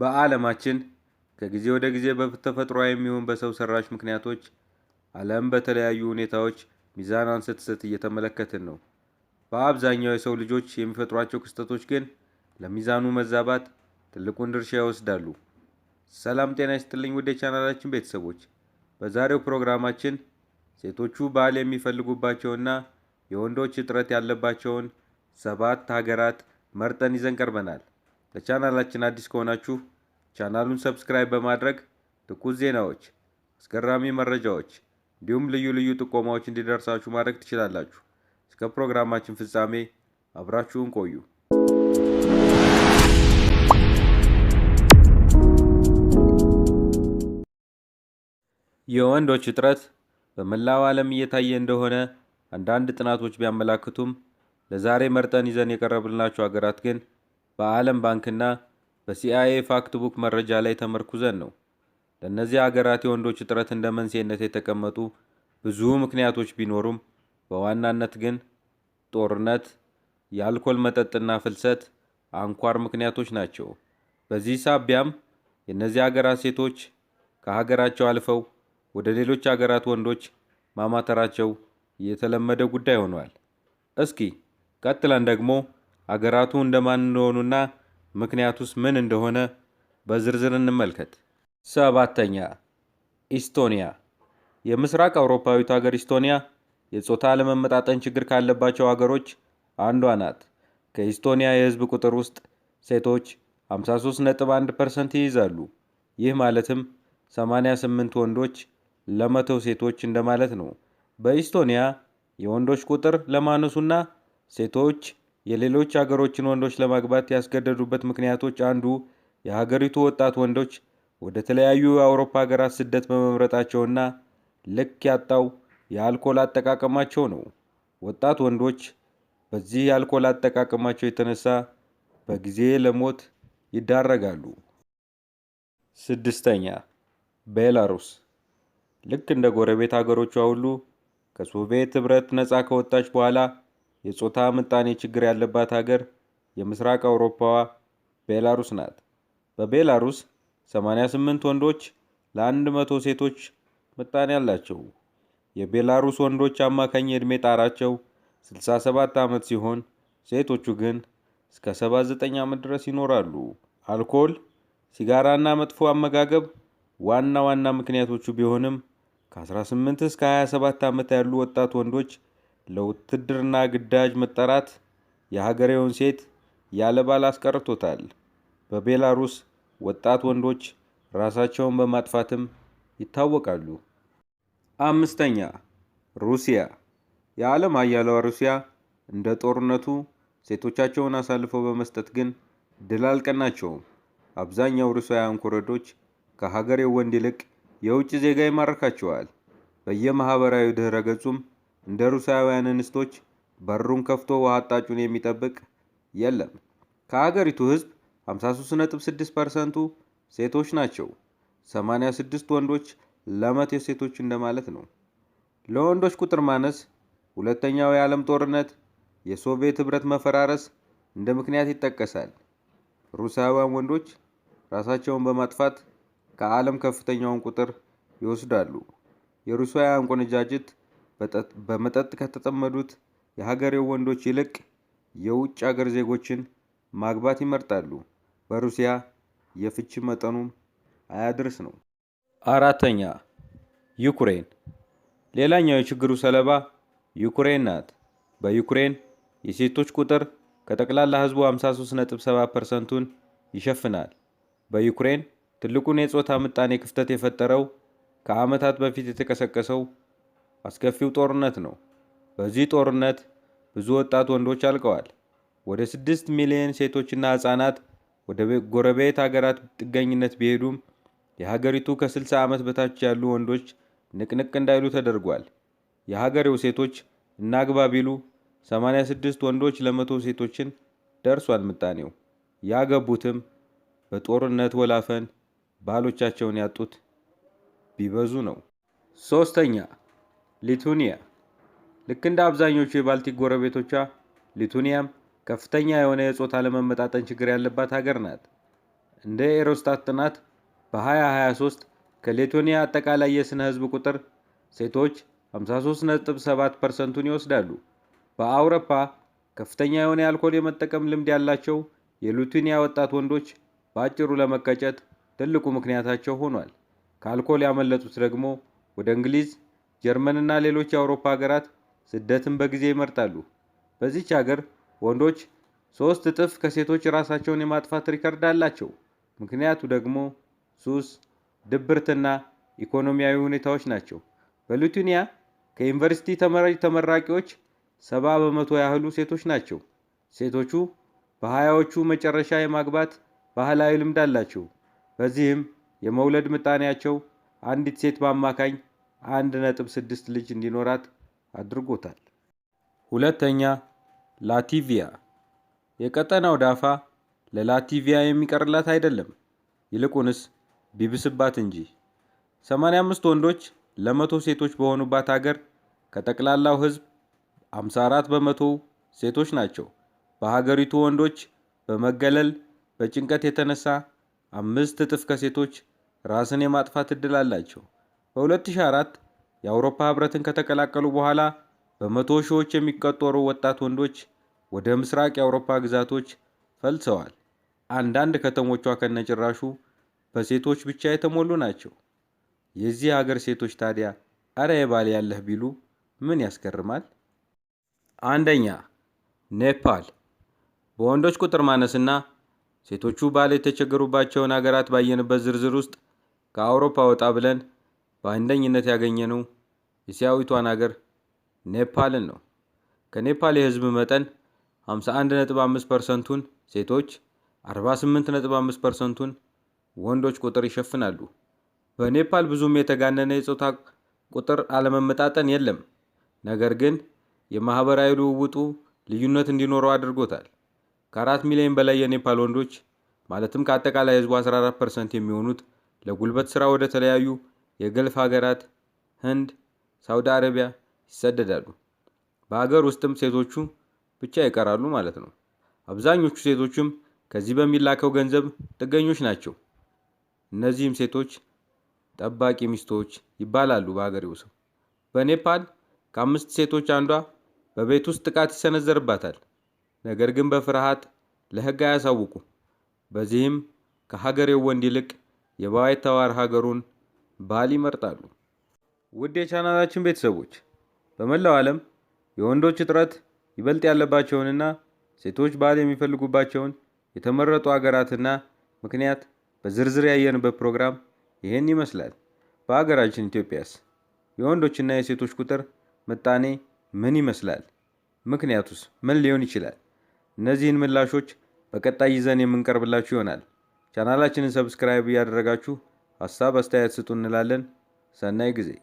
በዓለማችን ከጊዜ ወደ ጊዜ በተፈጥሯዊ የሚሆን በሰው ሰራሽ ምክንያቶች ዓለም በተለያዩ ሁኔታዎች ሚዛኗን ስትስት እየተመለከትን ነው። በአብዛኛው የሰው ልጆች የሚፈጥሯቸው ክስተቶች ግን ለሚዛኑ መዛባት ትልቁን ድርሻ ይወስዳሉ። ሰላም ጤና ይስጥልኝ ውድ የቻናላችን ቤተሰቦች፣ በዛሬው ፕሮግራማችን ሴቶቹ ባል የሚፈልጉባቸውና የወንዶች እጥረት ያለባቸውን ሰባት ሀገራት መርጠን ይዘን ቀርበናል። ለቻናላችን አዲስ ከሆናችሁ ቻናሉን ሰብስክራይብ በማድረግ ትኩስ ዜናዎች፣ አስገራሚ መረጃዎች እንዲሁም ልዩ ልዩ ጥቆማዎች እንዲደርሳችሁ ማድረግ ትችላላችሁ። እስከ ፕሮግራማችን ፍጻሜ አብራችሁን ቆዩ። የወንዶች እጥረት በመላው ዓለም እየታየ እንደሆነ አንዳንድ ጥናቶች ቢያመላክቱም ለዛሬ መርጠን ይዘን የቀረብልናቸው ሀገራት ግን በዓለም ባንክና በሲአይኤ ፋክት ቡክ መረጃ ላይ ተመርኩዘን ነው። ለእነዚህ አገራት የወንዶች እጥረት እንደ መንስኤነት የተቀመጡ ብዙ ምክንያቶች ቢኖሩም በዋናነት ግን ጦርነት፣ የአልኮል መጠጥና ፍልሰት አንኳር ምክንያቶች ናቸው። በዚህ ሳቢያም የእነዚህ አገራት ሴቶች ከሀገራቸው አልፈው ወደ ሌሎች አገራት ወንዶች ማማተራቸው የተለመደ ጉዳይ ሆኗል። እስኪ ቀጥለን ደግሞ አገራቱ እንደማን እንደሆኑና ምክንያቱስ ምን እንደሆነ በዝርዝር እንመልከት። ሰባተኛ ኢስቶኒያ። የምስራቅ አውሮፓዊቱ ሀገር ኢስቶኒያ የጾታ አለመመጣጠን ችግር ካለባቸው ሀገሮች አንዷ ናት። ከኢስቶኒያ የህዝብ ቁጥር ውስጥ ሴቶች 53.1 ፐርሰንት ይይዛሉ። ይህ ማለትም 88 ወንዶች ለመቶ ሴቶች እንደማለት ነው። በኢስቶኒያ የወንዶች ቁጥር ለማነሱና ሴቶች የሌሎች አገሮችን ወንዶች ለማግባት ያስገደዱበት ምክንያቶች አንዱ የሀገሪቱ ወጣት ወንዶች ወደ ተለያዩ የአውሮፓ ሀገራት ስደት በመምረጣቸውና ልክ ያጣው የአልኮል አጠቃቀማቸው ነው። ወጣት ወንዶች በዚህ የአልኮል አጠቃቀማቸው የተነሳ በጊዜ ለሞት ይዳረጋሉ። ስድስተኛ ቤላሩስ ልክ እንደ ጎረቤት ሀገሮቿ ሁሉ ከሶቪየት ኅብረት ነፃ ከወጣች በኋላ የጾታ ምጣኔ ችግር ያለባት ሀገር የምስራቅ አውሮፓዋ ቤላሩስ ናት። በቤላሩስ 88 ወንዶች ለ100 ሴቶች ምጣኔ አላቸው። የቤላሩስ ወንዶች አማካኝ የዕድሜ ጣራቸው 67 ዓመት ሲሆን ሴቶቹ ግን እስከ 79 ዓመት ድረስ ይኖራሉ። አልኮል፣ ሲጋራና መጥፎ አመጋገብ ዋና ዋና ምክንያቶቹ ቢሆንም ከ18 እስከ 27 ዓመት ያሉ ወጣት ወንዶች ለውትድርና ግዳጅ መጠራት የሀገሬውን ሴት ያለ ባል አስቀርቶታል። በቤላሩስ ወጣት ወንዶች ራሳቸውን በማጥፋትም ይታወቃሉ። አምስተኛ ሩሲያ። የዓለም ሀያሏ ሩሲያ እንደ ጦርነቱ ሴቶቻቸውን አሳልፈው በመስጠት ግን ድል አልቀናቸውም። አብዛኛው ሩሲያውያን ኮረዶች ከሀገሬው ወንድ ይልቅ የውጭ ዜጋ ይማርካቸዋል። በየማኅበራዊ ድኅረ ገጹም እንደ ሩሳውያን እንስቶች በሩን ከፍቶ ውሃ አጣጩን የሚጠብቅ የለም። ከአገሪቱ ህዝብ 53.6 ፐርሰንቱ ሴቶች ናቸው። 86 ወንዶች ለመቶ የሴቶች እንደማለት ነው። ለወንዶች ቁጥር ማነስ ሁለተኛው የዓለም ጦርነት፣ የሶቪየት ህብረት መፈራረስ እንደ ምክንያት ይጠቀሳል። ሩሳውያን ወንዶች ራሳቸውን በማጥፋት ከዓለም ከፍተኛውን ቁጥር ይወስዳሉ። የሩሳውያን ቆነጃጅት በመጠጥ ከተጠመዱት የሀገሬው ወንዶች ይልቅ የውጭ አገር ዜጎችን ማግባት ይመርጣሉ። በሩሲያ የፍቺ መጠኑም አያድርስ ነው። አራተኛ ዩክሬን። ሌላኛው የችግሩ ሰለባ ዩክሬን ናት። በዩክሬን የሴቶች ቁጥር ከጠቅላላ ህዝቡ 53.7 ፐርሰንቱን ይሸፍናል። በዩክሬን ትልቁን የጾታ ምጣኔ ክፍተት የፈጠረው ከዓመታት በፊት የተቀሰቀሰው አስከፊው ጦርነት ነው። በዚህ ጦርነት ብዙ ወጣት ወንዶች አልቀዋል። ወደ ስድስት ሚሊዮን ሴቶችና ሕፃናት ወደ ጎረቤት ሀገራት ጥገኝነት ቢሄዱም የሀገሪቱ ከ60 ዓመት በታች ያሉ ወንዶች ንቅንቅ እንዳይሉ ተደርጓል። የሀገሬው ሴቶች እናግባ ቢሉ 86 ወንዶች ለመቶ ሴቶችን ደርሷል ምጣኔው። ያገቡትም በጦርነት ወላፈን ባሎቻቸውን ያጡት ቢበዙ ነው። ሶስተኛ ሊቱኒያ ልክ እንደ አብዛኞቹ የባልቲክ ጎረቤቶቿ ሊቱኒያም ከፍተኛ የሆነ የጾታ ለመመጣጠን ችግር ያለባት ሀገር ናት። እንደ ኤሮስታት ጥናት በ2023 ከሌቶኒያ አጠቃላይ የስነ ህዝብ ቁጥር ሴቶች 53.7 ፐርሰንቱን ይወስዳሉ። በአውሮፓ ከፍተኛ የሆነ የአልኮል የመጠቀም ልምድ ያላቸው የሊቱኒያ ወጣት ወንዶች በአጭሩ ለመቀጨት ትልቁ ምክንያታቸው ሆኗል። ከአልኮል ያመለጡት ደግሞ ወደ እንግሊዝ ጀርመንና ሌሎች የአውሮፓ ሀገራት ስደትን በጊዜ ይመርጣሉ። በዚች ሀገር ወንዶች ሶስት እጥፍ ከሴቶች ራሳቸውን የማጥፋት ሪከርድ አላቸው። ምክንያቱ ደግሞ ሱስ፣ ድብርትና ኢኮኖሚያዊ ሁኔታዎች ናቸው። በሊቱኒያ ከዩኒቨርሲቲ ተመራቂዎች ሰባ በመቶ ያህሉ ሴቶች ናቸው። ሴቶቹ በሀያዎቹ መጨረሻ የማግባት ባህላዊ ልምድ አላቸው። በዚህም የመውለድ ምጣኔያቸው አንዲት ሴት በአማካኝ አንድ ነጥብ ስድስት ልጅ እንዲኖራት አድርጎታል። ሁለተኛ ላቲቪያ የቀጠናው ዳፋ ለላቲቪያ የሚቀርላት አይደለም፣ ይልቁንስ ቢብስባት እንጂ 85 ወንዶች ለመቶ ሴቶች በሆኑባት አገር ከጠቅላላው ሕዝብ 54 በመቶ ሴቶች ናቸው። በሀገሪቱ ወንዶች በመገለል በጭንቀት የተነሳ አምስት እጥፍ ከሴቶች ራስን የማጥፋት ዕድል አላቸው። በ2004 የአውሮፓ ህብረትን ከተቀላቀሉ በኋላ በመቶ ሺዎች የሚቆጠሩ ወጣት ወንዶች ወደ ምስራቅ የአውሮፓ ግዛቶች ፈልሰዋል። አንዳንድ ከተሞቿ ከነጭራሹ በሴቶች ብቻ የተሞሉ ናቸው። የዚህ አገር ሴቶች ታዲያ አረ የባል ያለህ ቢሉ ምን ያስገርማል? አንደኛ ኔፓል በወንዶች ቁጥር ማነስና ሴቶቹ ባል የተቸገሩባቸውን ሀገራት ባየንበት ዝርዝር ውስጥ ከአውሮፓ ወጣ ብለን በአንደኝነት ያገኘነው እስያዊቷን አገር ኔፓልን ነው። ከኔፓል የህዝብ መጠን 51.5 ፐርሰንቱን ሴቶች፣ 48.5 ፐርሰንቱን ወንዶች ቁጥር ይሸፍናሉ። በኔፓል ብዙም የተጋነነ የፆታ ቁጥር አለመመጣጠን የለም። ነገር ግን የማህበራዊ ልውውጡ ልዩነት እንዲኖረው አድርጎታል። ከአራት ሚሊዮን በላይ የኔፓል ወንዶች ማለትም ከአጠቃላይ ህዝቡ 14 ፐርሰንት የሚሆኑት ለጉልበት ስራ ወደ ተለያዩ የገልፍ ሀገራት፣ ህንድ፣ ሳውዲ አረቢያ ይሰደዳሉ። በሀገር ውስጥም ሴቶቹ ብቻ ይቀራሉ ማለት ነው። አብዛኞቹ ሴቶችም ከዚህ በሚላከው ገንዘብ ጥገኞች ናቸው። እነዚህም ሴቶች ጠባቂ ሚስቶች ይባላሉ በሀገሬው ሰው። በኔፓል ከአምስት ሴቶች አንዷ በቤት ውስጥ ጥቃት ይሰነዘርባታል። ነገር ግን በፍርሃት ለህግ አያሳውቁ። በዚህም ከሀገሬው ወንድ ይልቅ የባይተዋር ሀገሩን ባል ይመርጣሉ። ውድ የቻናላችን ቤተሰቦች በመላው ዓለም የወንዶች እጥረት ይበልጥ ያለባቸውንና ሴቶች ባል የሚፈልጉባቸውን የተመረጡ አገራትና ምክንያት በዝርዝር ያየንበት ፕሮግራም ይህን ይመስላል። በአገራችን ኢትዮጵያስ የወንዶችና የሴቶች ቁጥር ምጣኔ ምን ይመስላል? ምክንያቱስ ምን ሊሆን ይችላል? እነዚህን ምላሾች በቀጣይ ይዘን የምንቀርብላችሁ ይሆናል። ቻናላችንን ሰብስክራይብ እያደረጋችሁ ሀሳብ አስተያየት ስጡ እንላለን። ሰናይ ጊዜ